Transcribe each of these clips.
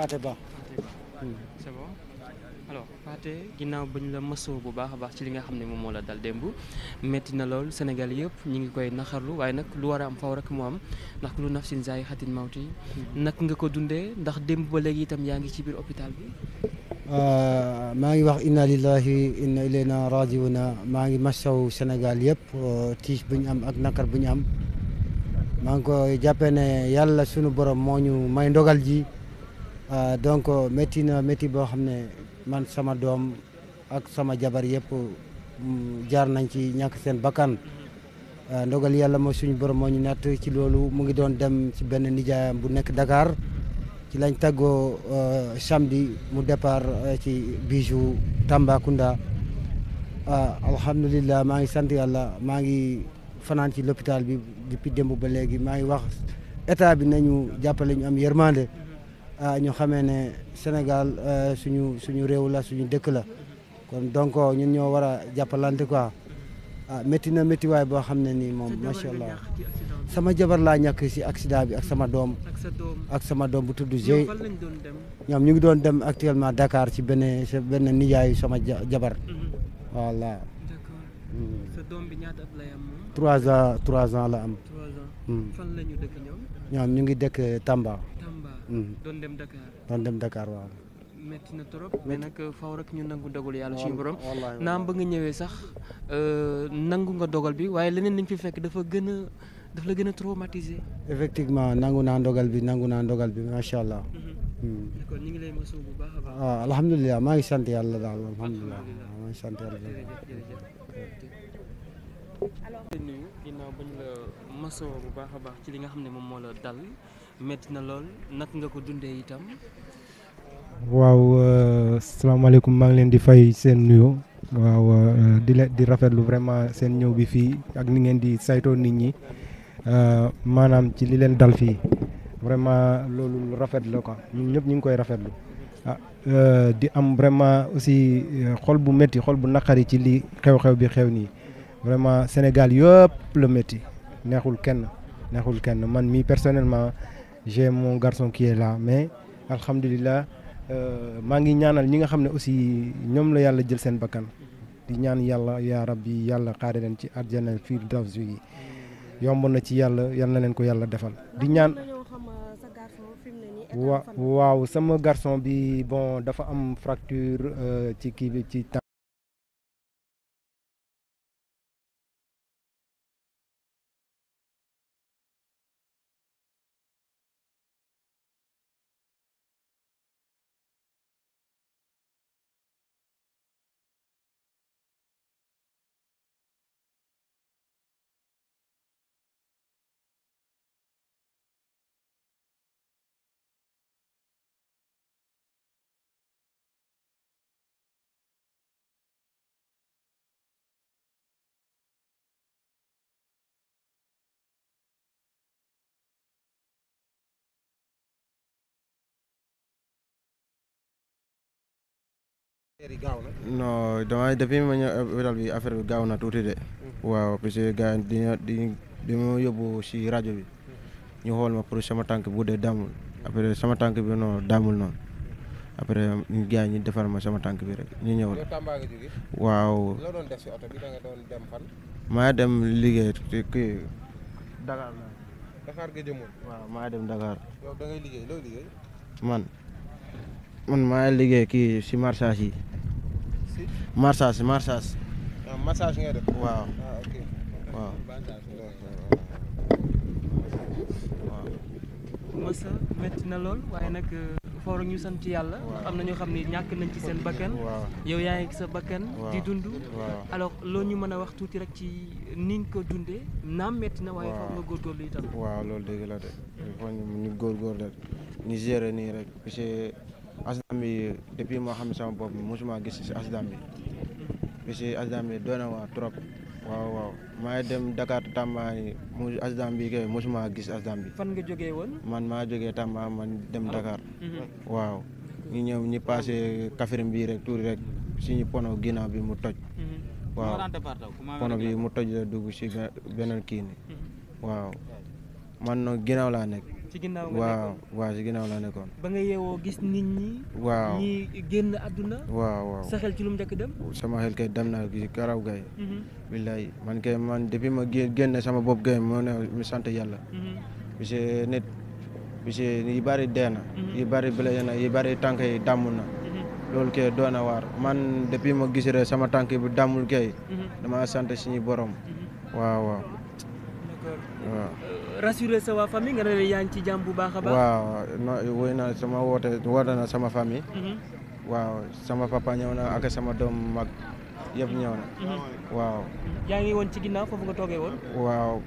Pathé Ba. Pathé Ba hmm. c'est bon alors Pathé ginnaaw bañ la mësoo bu baax a baax ci li nga xam ne moom moo la dal démb metti na lool Sénégal yëpp ñu ngi koy naxarlu waaye nag lu war a am faw rek mu am ndax lu naf sin zaay xatin ti hmm. nak nga ko dundee ndax démb ba léegi itam yaa ngi ci biir hôpital bi. Euh, maa ngi wax inna lillahi inna ilayna na maa ngi masaw Sénégal yëpp euh, tiis bu ñu am ak nakar bu ñu am maa ngi koy jàppee ne yàlla sunu borom moo ñu may ndogal ji. Euh, donc euh, métti na métti boo xam ne man sama doom ak sama jabar yëpp mm, jaar nañ ci ñàkk seen bakkan euh, ndogal yàlla moo suñu borom moo ñu natt ci loolu mu ngi doon dem ci benn nijaayam bu nekk dakaar ci lañ tàggoo samedi mu départ ci bijou Tambacounda alhamdulilah maa ngi sant yàlla maa ngi fanaan ci l'hôpital bi depuis démb ba léegi maa ngi wax état bi nañu jàppale ñu am yërmande ñu xamee ne Sénégal euh, suñu suñu réew la suñu dëkk la kon donc ñun ñoo war a jàppalante quoi ah métti na métti boo xam ne nii moom macha allah sama jabar laa ñàkk si accident bi ak sama doom ak sama doom bu tudd ñoom ñu ngi doon dem actuellement dakaar ci benn benn nijaayu sama jabar mhm. voilà mm. trois trois ans la am mm. ñoom ñu ngi dëkk Tamba Mm. doon dem Dakar. doon dem Dakar waaw. metti na trop mais nag euh, faw rek ñu nangu dogal yàlla suñu borom naam ba nga ñëwee sax euh, nangu nga dogal bi waaye leneen lañ fi fekk dafa gën a la gën a traumatisé. effectivement nangu naa dogal bi nangu naa dogal bi macha allah. kon mhm. mm. ñu ngi lay mos bu baax a ah, alhamdulilah maa ngi sant yàlla daal alhamdulilah maa ngi sant yàlla. alors. bu baax a baax ci li nga xam ne moom moo la dal. métti na lool naka nga ko dundee itam. waaw euh, salaamaaleykum maa ngi leen di fay seen nuyo waaw euh, di leen di rafetlu vraiment seen ñëw bi fii ak ni ngeen di saytoo nit ñi euh, maanaam ci li leen dal fii vraiment loolu rafet la quoi ñëpp ñu ngi koy rafetlu ah di am vraiment aussi xol bu métti xol bu naqari ci li xew-xew bi xew nii vraiment Sénégal yëpp la métti neexul kenn neexul kenn man mii personnellement. j'ai mon garçon qui est là mais alhamdulilah euh, maa ngi ñaanal ñi nga xam ne aussi ñoom la yàlla jël seen bakkan di ñaan yàlla yaa rabbi yàlla xaare leen ci àjjana fii daf yi yomb na ci yàlla yal na leen ko yàlla defal di ñaan euh, waaw sama garçon bi bon dafa am fracture euh, ci kii bi ci non dama depuis ma ñëw hôpital bi affaire bi gaaw na tuuti de. Mm-hmm. waaw parce que di di ma yóbbu si rajo bi. Mm-hmm. ñu xool ma pour sama tànk bu dee daamul après sama tànk bi noonu daamul noonu après ñu ñi defar ma sama tànk bi rek ñu ñëwal. waaw. loo doon def dem fan. maa dem liggéey maa dem Dakar. da ngay liggéey man. man maa liggéey kii si marchage yi. si marchage marchage. waaw ah, marchage ngay def. waaw ah, ok waaw. Massa métti na lool waaye nag euh, foor ñu sant yàlla. am na ñoo xam ne ñàkk nañ ci seen bakkan. yow yaa ngi sa bakkan. di dund. alors loo ñu mën a wax tuuti rek ci niñ ko dundee. naam métti na waaye foog nga góorgóorlu itam. waaw loolu dëgg la de. il faut ñu góorgóorlu rek ñu gérer nii rek parce que asdam bi depuis moo xam ne sama bopp mosuma gis si asdam bi bi waa trop waaw waaw maa ngi dem Dakar Tamba mu asdam bi kay mosuma gis asdam bi. fan nga jógee man maa joge Tamba man dem ah. Dakar. Mhm. waaw ñu ñëw ñi passé Kaffrine bii rek tuuti rek suñu pono ginnaaw bi mu toj. Mhm. waaw pono bi mu toj la dugg si beneen kii nii mhm. waaw man nag ginnaaw nekk. ci ginnaaw nga nekkoon waaw waaw ci ginnaaw laa nekkoon. ba nga yeewoo gis nit ñi. waaw ñi génn àdduna. waaw waaw sa xel ci lu mu njëkk dem. sama xel kay dem na ci karaw gay. Mhm. billaay man kay man depuis ma génn sama bopp gay moo ne mi sant yàlla. parce mhm. que nit parce que bari dee na. Mhm. yu bari blessé na yu bari tànk yi damm na. loolu kay doon na waar man depuis ma gis rek sama tànk bi dammul kay. dama sant suñu borom. waaw waaw. waaw. rassurer sa waa famille nga ne yaa ngi ci jàmm bu baax a baax. waaw non woy na sama woote woote na sama famille. Mhm. waaw sama papa ñëw na ak sama doom mag yëpp ñëw na. Mhm. waaw. yaa ngi woon ci ginnaaw foofu nga toogee woon. waaw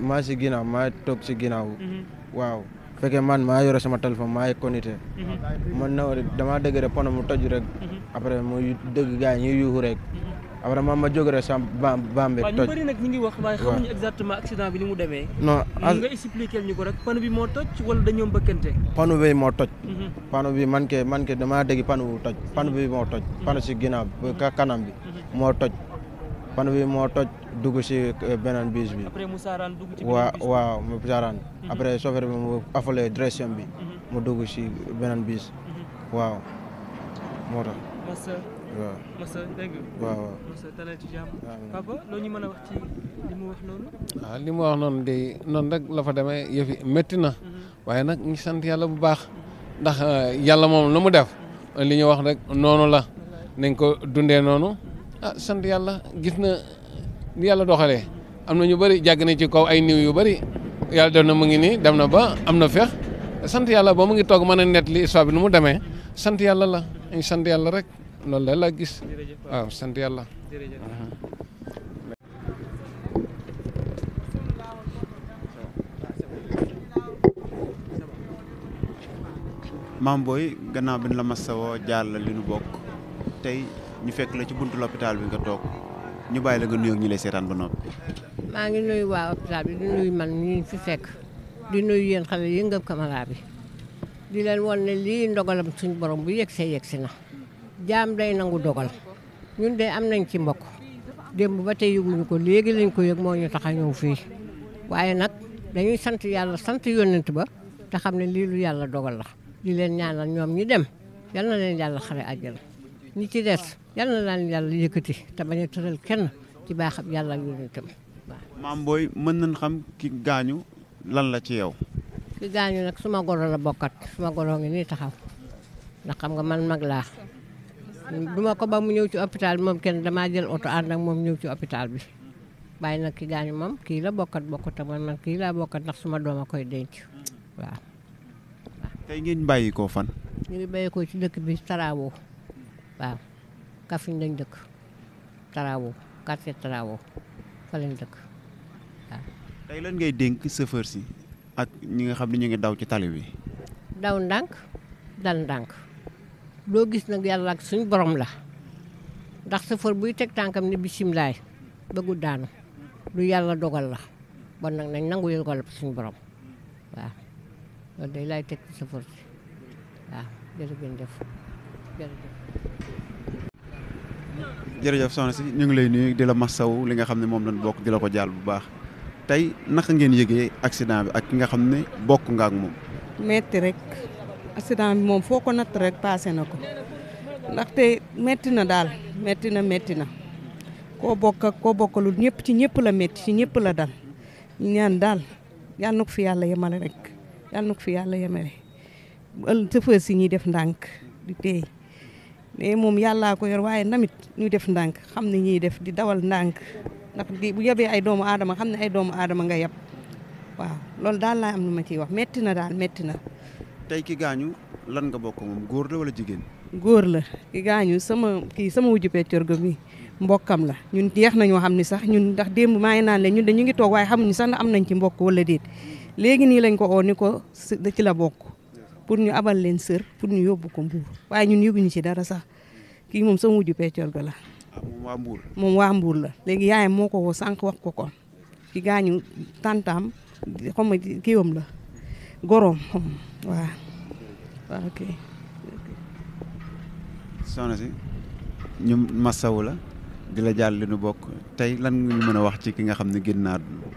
maa si ginnaaw maa toog si ginnaaw. Mhm. waaw fekkee man maa yore sama téléphone maa connecté. na mu toj rek. après mu dégg gars yi ñuy rek. après man ma jóge rek sama bam bam bi. toj nag ñu ngi wax waaye bi ni mu demee. no nga expliquer ñu ko rek panneau bi moo toj wala dañoo mbëkkante. panneau bi moo toj. Mhm. pano bi man ke man ke damaa dégg panneau bu toj. Mhm. panneau bi moo toj. Mhm. panneau si ginnaaw ka kanam bi. moo toj pano bi moo toj dugg si eh, beneen bis bi. après mu saaraan dugg ci beneen bi waaw waaw mu saaraan. après chauffeur bi mu affolé mu dugg si beneen bis. waaw moo tax. waaw li mu wax noonu. Ah, waaw noonu de noonu rek la demee yëfi métti na. Mhm. waaye nag ñu sant yàlla bu baax. ndax ah, yàlla moom lu mu def. li ñu wax rek noonu la. nañ ko dundee noonu. ah sant yàlla gis na ni yàlla doxalee. am na ñu bari jàgg na ci kaw ay niw yu bari yàlla def na mu ngi nii dem na ba am na fex sant yàlla ba mu ngi toog mën a net li histoire bi nu mu demee. sant yàlla la ñu sant yàlla rek. loolu la laa gis waaw sant yàlla mhm. maam booy gannaaw bi ñu la masawoo jaar la li nu bokk tey ñu fekk la ci buntu l'hôpital bi nga toog ñu bàyyi la nga nuyoog ñu lay seetaan ba noppi maa ngi nuyu waa hôpital bi di nuyu man ñu fi fekk di nuyu yéen xam yi ngëm kamara bi di leen won ne lii ndogalam suñu borom bu yegg see na jaam day nangu dogal ñun de am nañ ci mbokk démb ba te yëguñu ko léegi lañ ko yëg moo ñu tax a ñëw fii waaye nag dañuy sant yàlla sant yónnent ba te xam ne lii lu yàlla dogal la di leen ñaanal ñoom ñi dem yal na leen yàlla xare àjjana ñi ci des yal na laa yàlla yëkkati te bañ a tëral kenn ci baax ab yàlla yónnentam maam booy mën nañ xam ki gaañu lan la ci yow ki gaañu nag suma goro la bokkat suma goro ngi nii taxaw ndax xam nga man mag laa du ma ko ba mu ñëw ci hôpital moom kenn damaa jël oto ànd ak moom ñëw ci hôpital bi bàyyi nag ki gaañu moom kii la bokkat bokkat ak man man kii laa bokkat ndax suma doom a koy denc waaw. tey fan. ñu ngi ci dëkk bi Tarawo waaw Kaffrine dëkk Tarawo quartier Tarawo fa dëkk waaw. tey lan ngay dénk chauffeur si ak ñi nga xam ne ñu ngi daw ci tali bi. daw ndànk dal ndànk. loo gis nag yàlla ak suñu borom la ndax sëfër buy teg tànkam ne bisimilaay bëggul daanu lu yàlla dogal la bon nag nañ nangu yëgal suñu borom waaw loolu teg ci sëfër si waaw jërëjëf jërëjëf. soxna si ñu ngi lay nuyu di la masaw li nga xam ne moom lañ bokk di la ko jaal bu baax tey naka ngeen yëgee accident bi ak ki nga xam ne bokk nga ak moom. metti rek. accident moom foo ko natt rek paase na ko ndaxte metti na daal metti na metti na ko bokk ko koo bokkalul ñëpp ci ñëpp la metti ci ñëpp la dal ñu ñaan daal yal na ko fi yàlla yemale rek yal na ko fi yàlla yemale sëfër si ñuy def ndànk di teey mais moom yàllaa ko yor waaye namit ñuy def ndànk xam ne ñuy def di dawal ndànk ndax di bu yebee ay doomu aadama xam ne ay doomu aadama nga yeb waaw loolu daal laa am lu ma ciy wax metti na daal metti na tey ki gaañu lan nga bokk moom góor la wala jigéen. góor la ki gaañu sama kii sama wujju peccorgo mi mbokkam la ñun yeex nañoo xam ni sax ñun ndax démb maa ngi naan leen ñun dañu ngi toog waaye xamuñu sax na am nañ ci mbokk wala déet léegi nii lañ ko oo ni ko da ci la bokk pour ñu abal leen sër pour ñu yóbbu ko mbuur waaye ñun yëguñu ci dara sax kii moom sama wujju peccorgo la. Ah, moom waa mbuur la léegi yaayam moo ko woo sànq wax ko ko ki gaañu tantam xam nga la. goroom waaw waaw ok soxna si ñu masawu la di la jàll li nu bokk tey lan nga ñu mën a wax ci ki nga xam ne génn na